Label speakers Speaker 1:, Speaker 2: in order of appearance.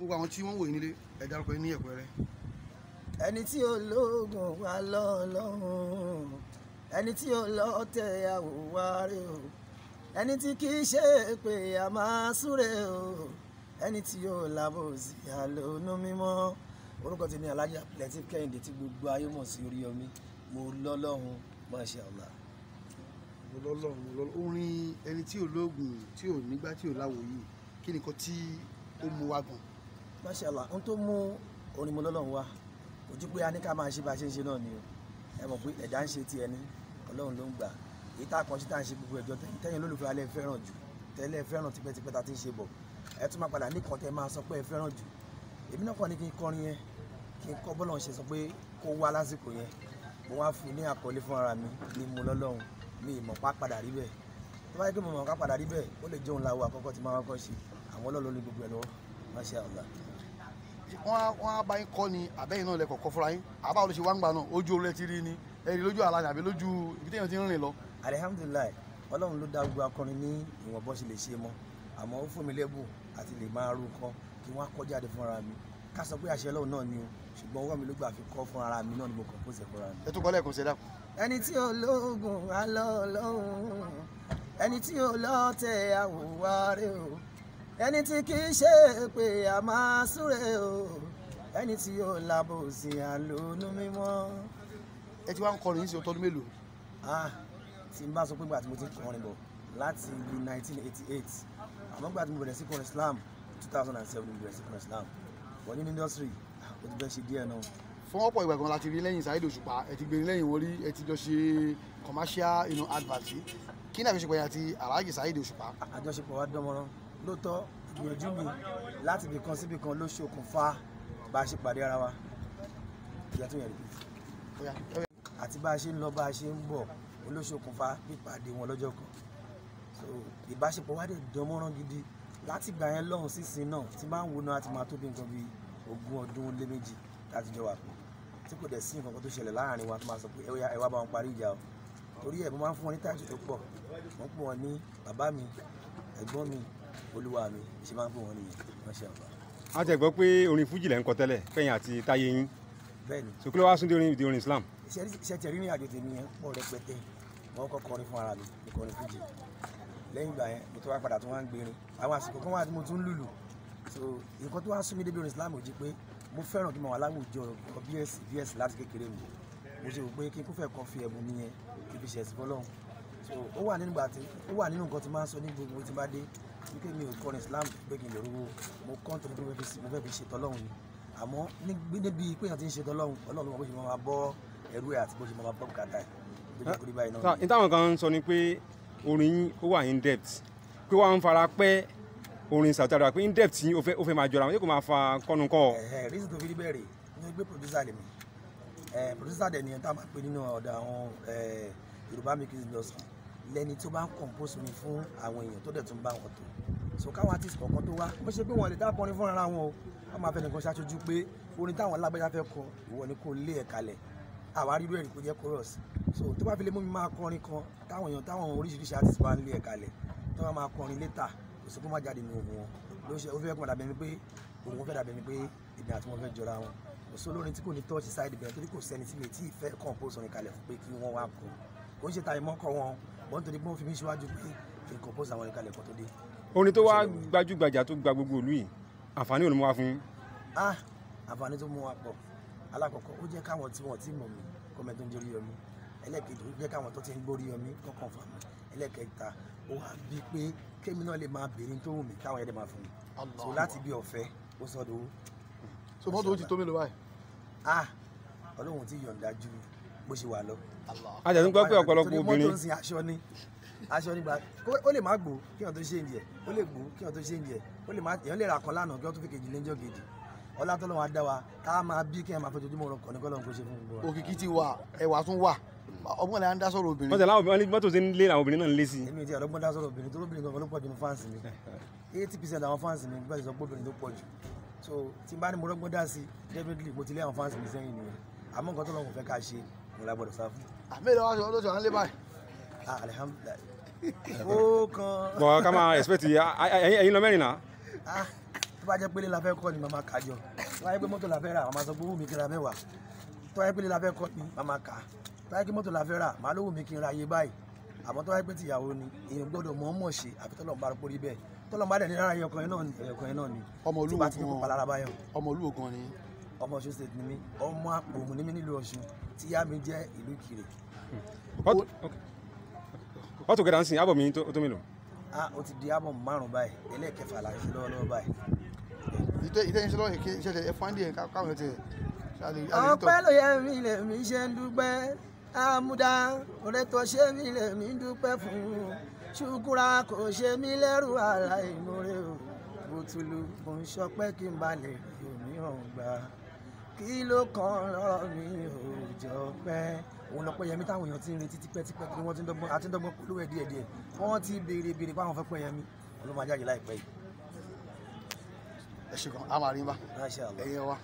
Speaker 1: gbogbo àwọn tí wọ́n wò yín nílé ẹ dárúkọ yín ní ẹ̀kúnrẹ́rẹ́. ẹni tí ó lóògùn wá lọ́ọ̀lọ́hún ẹni tí ó lọ́ọ̀tẹ̀ àwòwárí o ẹni tí kì í ṣe pé a máa súre o ẹni tí yóò lábòsí àlónú mímọ́ orúkọ tèmi Alhaji Lateef Kẹ́hìndé tí gbogbo ayé mọ̀ sí Oríyọmí mo lọ́lọ́hún Masha Allah lọ́lọ́run orin ẹni tí ò lóògùn tí ò nígbà tí ò láwòye kí nìkan tí ó mu wa gan mashallah n tó mú orin mo lọ́lọ́run wá ojú pé a ní ká máa ṣe bá a ṣe ń ṣe náà ni o ẹ mọ̀ pé ẹ̀dá ń ṣe tiẹ̀ ní ọlọ́run ló ń gbà èyí tá a kàn sí tá a ń ṣe gbogbo ẹ̀jọ́ tẹ́yìn olólùfẹ́ alẹ́ fẹ́ràn jù tẹ́lẹ̀ fẹ́ràn tipẹ́tipẹ́ ta ti ń ṣe bọ̀ ẹ tún máa padà nìkan tẹ́ máa sọ pé ẹ fẹ́ràn jù èmi náà kàn ní kí n kọrin yẹn kí n kọ́ bọ́lọ̀ ṣe sọ pé kó wá lásìkò yẹn mo wá fi ní àkọlé fún ara mi ní mo lọ́lọ́run mi ìmọ̀ pa rí bẹ́ẹ̀ tó bá yẹ kí mo mọ̀ ká rí bẹ́ẹ̀ ó lè jẹun làwọ̀ àkọ́kọ́ tí máa kọ́ ṣe àwọn ọlọ́run ní gbogbo ẹ̀ lọ́wọ́ Masha Allah wọ́n á bá yín kọ́ ni àbẹ́yìn náà lẹ́kọ̀ọ́ kọ́ fúnra yín àbá olóṣèlú wa náà ojú orú ẹ ti rí ni ẹ rí lójú àlá àbí lójú ibi téèyàn ti ń rìn lọ. alihamudulilayi ọlọ́run ló dá gbogbo akọrin ní ìwọ̀n bó lè ṣe mọ́ àmọ́ ó fún mi lẹ́bùn àti lè máa rú nǹkan kí wọ́n á kọ́ jáde fúnra mi ká sọ pé àṣẹ ọlọ́run náà ni o ṣùgbọ́n ọwọ́ mi ló gbà fi kọ́ fúnra mi náà ni mo kàn kó ẹni tí kì í ṣe pé a máa súre o ẹni tí yóò labo sí àlónú mímọ́. ẹ ti wá ń kọrin sí ọtọdún mélòó. ah tí n bá sọ pé gbà tí mo ti kọrin bọ̀ láti ibi 1988 àmọ́ gbà mo bẹ̀rẹ̀ sí kọrin Islam 2007 mo bẹ̀rẹ̀ sí kọrin Islam wọ́n ní industry ó ti bẹ́ẹ̀ ṣe díẹ̀ náà fún ọ̀pọ̀ ìgbà kan láti rí lẹ́yìn Saheed Òṣùpá ẹ ti gbé e lẹ́yìn wọn rí ẹ ti jọ ṣe commercial you know advert kí ni àjọṣepọ̀ yẹn àti Alhaji Saheed Òṣùpá. àjọṣepọ̀ wa dánmọ́rán lóòótọ́ ìgbìyànjú mi láti ibì kan síbì kan ló ṣokùnfà bá a ṣe pàdé ara wa ìyá tó yẹn rí àti bá a ṣe ń lọ bá a ṣe ń bọ̀ olóṣokùnfà pípàdé wọn lọ́jọ́ kan so ìbáṣepọ̀ wa dẹ̀ dánmọ́rán gidi láti ìgbà yẹn lọ́hùn sísìn náà tí máa ń wo náà àti máa tó bí nǹkan bíi ogún ọdún lé méjì láti jọ wà pọ̀ tí kò dẹ̀ sí nǹkan kan tó ṣẹlẹ̀ láàrin wa tó máa sọ pé ẹ wá bá wọn parí ìjà o torí ẹ̀ mo máa ń fún wọn ní táàtì tó pọ̀ wọ́n pọ̀ ní bàbá mi ẹ̀gbọ́n mi olúwa mi ṣe máa ń pè wọ́n nìyẹn wọ́n ṣe àgbà. a ti gbọ́ pé orin fújì lẹ́ ń kọ tẹ́lẹ̀ kẹ́yìn àti táyé yín bẹ́ẹ̀ni sùkúlẹ̀ wá súndé orin ìdí orin islam. iṣẹ́ tẹ̀rí ní àjò tèmi yẹn pọ̀ rẹpẹtẹ mo kọ́ kọrin fún ara mi mo kọrin fújì lẹ́yìn ìgbà yẹn mo tún wá padà tún wá ń gbérin àwọn àsìkò kan wà tí mo tún ń lùlù so nǹkan tó wá sún mi débi orin islam ò jí pé mo fẹ́ràn kí mo wà láwùjọ bs bs láti kékeré mi mo ṣe rò pé kí n kò fẹ́ kọ́ fi ẹ̀bùn mi yẹn ibi ṣẹ̀sì fọlọ́run so ó wà nínú nǹkan tí máa ń sọ ní gbogbo tí bá dé wípé mi ò kọrin Islam pé kí n lè rówó mo kọ́ nítorí pé mo fẹ́ fi ṣètò Ọlọ́run ni àmọ́ níbi pé èèyàn ti ń ṣètò Ọlọ́run Ọlọ́run ló mọ bó ṣe máa bọ́ ẹrú ẹ̀ àti bó ṣe máa bọ́ bùkátà ẹ̀ tó jẹ́ báyìí náà. ìtàwọn kan sọ ni pé orin ó wà in depth pé wàá ń fara pẹ́ orin Saoty pé in depth yín ó fẹ́ ó fẹ́ máa jọra wọn yóò kó máa fa kọ́nu kọ́. ẹ̀ẹ́ rísì tó fi rí bẹ́ẹ̀ rè ni gbé producer lèmi producer dẹ̀ ni tá a máa pè nínú ọ̀dọ̀ àwọn Yorùbá mi kì í lọ sùn lẹni tí ó bá ń compose orin fún àwọn èèyàn tó dẹ̀ tún bá wọn tó so káwọn artist kọ̀ọ̀kan tó wá bó ṣe pé wọn lè dá kọrin fúnra ara wọn o wọn máa fẹ́ nìkan ṣáṣojú pé orin táwọn alágbèjà fẹ́ kọ ìwọ ni kò lé ẹ̀ kalẹ̀ àwa rírú ẹ̀rí kò jẹ́ chorus so tó bá fi lè mú mi máa kọrin kan táwọn èèyàn táwọn oríṣiríṣi artist bá ń lé ẹ̀ kalẹ̀ tó bá máa kọrin létà kò sí kó má jáde ní ohun wọn ló ṣe ó fẹ́ kó dàbẹ̀ ni pé òun fẹ́ dàbẹ̀ ni pé èmi àti wọn fẹ́ jọra wọn kò sí olórin tí kò ní touch side bẹ̀rẹ̀ torí kò sẹ́ni tí mi tí ì fẹ́ compose orin kalẹ̀ fún pé kí wọ́n wá kọ kò ṣe ta ìmọ̀kọ wọn bọ́n torí pé wọ́n fi mí síwájú pé kí n compose àwọn ìkàlẹ̀ kan tó dé. orin tó wá gbajúgbajà tó gba gbogbo ìlú yìí àǹfààní ò ní mú wá fún ah àǹfààní tó mú wa pọ̀ alákọ̀ọ́kọ́ ó jẹ́ káwọn tí wọ́n ti mọ̀ mí kọ́mẹ́ tó ń jẹ́ Oríyọmí ẹlẹ́kejì ó jẹ́ káwọn tó ti ń gbórí Oríyọmí kọ́kàn fún mi ẹlẹ́kẹta ó wá bí pé kémi náà lè máa béèrè tó wù mí káwọn ẹ̀dẹ̀ máa fún mi so láti bí ọ̀fẹ́ ó sọ́dọ̀ owó. so mọ́tò ó ti tó mélòó báyìí. ah bó ṣe wà lọ. a jẹ́ tó ń gbọ́ pé ọ̀pọ̀lọpọ̀ obìnrin. torí mọ́tò ń sin aṣọ ni aṣọ nígbà ó lè má gbó kí wọn tó ṣe ìjẹ ó lè gbó kí wọn tó ṣe ìjẹ ó lè má èèyàn lè ra kan lánàá kí wọn tó fi kejì lẹ́jọ́ kejì ọlá tọ́lọ́wọ́n adá wa ká máa bí kí wọn máa fojoojúmọ́ ọ̀rọ̀ kọ́ni kọ́lọ́run kó ṣe fún gbogbo wa. òkìkí ti wà ẹwà tún wà ọgbọ́n la ń dá sọ̀rọ̀ obìnrin. mọ́tò láwọn obìnrin mọ́tò ti ń lé àwọn obìnrin náà ń lé sí i. èmi ti ọlọ́gbọ́n dá sọ̀rọ̀ obìnrin tó lóbìnrin gangan ló pọ̀ jù ní fáǹsì mi eighty percent àwọn fáǹsì mi gbọ́dọ̀ sọ pé obìnrin tó pọ̀ jù so tí n bá ní mo rọ́gbọ́n dá sí definitely mo ti lé àwọn fáǹsì mi sẹ́yìn nìyẹn àmọ́ nǹkan tó lọ́wọ́ fẹ́ ká ṣe mo la gbọ́dọ̀ sá fún. àmì ìlọ wa sọ olóṣù à ń lé báyìí. Ah, alihamudulilayi. ó kan. bọ̀ ká máa expect ẹ̀yin lọ mẹ́rin náà. Ah, tó bá jẹ́ pélé la fẹ́ kọ́ ni màmá kà jọ tó bá jẹ́ pé mọ́tò la fẹ́ rà màmá sọ pé wù mí kí n ra mẹ́wàá tó bá jẹ́ pélé la fẹ́ kọ́ ni màmá kà tó bá jẹ́ pé mọ́tò la fẹ́ rà màá ló wù mí kí n ra iye báyìí àmọ́ tó bá jẹ́ pé tìyàwó ni èèyàn gbọ́dọ̀ mọ̀ ọ́n mọ̀ ṣe àfi tọ́lọ̀ ń bá rọ́pò rí bẹ́ẹ̀ tọ́lọ̀ ń bá dẹ̀ ní rárá ẹyọkàn yẹn náà ni ọmọ olúwo gan ni ọmọ Ọ̀ṣun state ni mí ọmọ àpòmù ni mí nílùú Ọ̀ṣun tí yá mi jẹ́ ìlú Ìkirè. wọ́n hmm. tó kẹ́ta ń sìn ábọ̀ mi tó mélòó. a ah, ó ti di ábọ̀ márùn-ún báyìí ẹlẹ́ẹ̀kẹfà là ń ṣe lọ́wọ́lọ́wọ́ báyìí. ìtẹ́ ìṣẹ́ lọ́wọ́ kí ṣẹlẹ̀ ẹ fáńdì ẹ̀ káwọn ti. ọpẹ́ ló yẹ mi lè mi ṣe ń dúpẹ́ àmúdá òrẹ́tọ̀ ṣé mi lè mi dúpẹ́ fún un ṣùkúra kò ṣe mí lẹ́rù ara ìmúre o bùtùlù kò ń ṣọpẹ́ kí n balẹ̀ òmíràn gbà kí ló kàn lọ́rọ̀ mi ò jọ pẹ́ òun lọ pẹ́yẹmí táwọn èèyàn ti ń retí tipẹ́tipẹ́ kí wọ́n ti ń dọ́gbọ́n àti ń dọ́gbọ́n polówó ẹ̀ díẹ̀díẹ̀ wọ́n ti béèrè béèrè pé àwọn fẹ́ pẹ́yẹmí ló máa jáde láìpẹ́ yìí. ẹ ṣe kan a máa rí bá ẹ̀yin wa.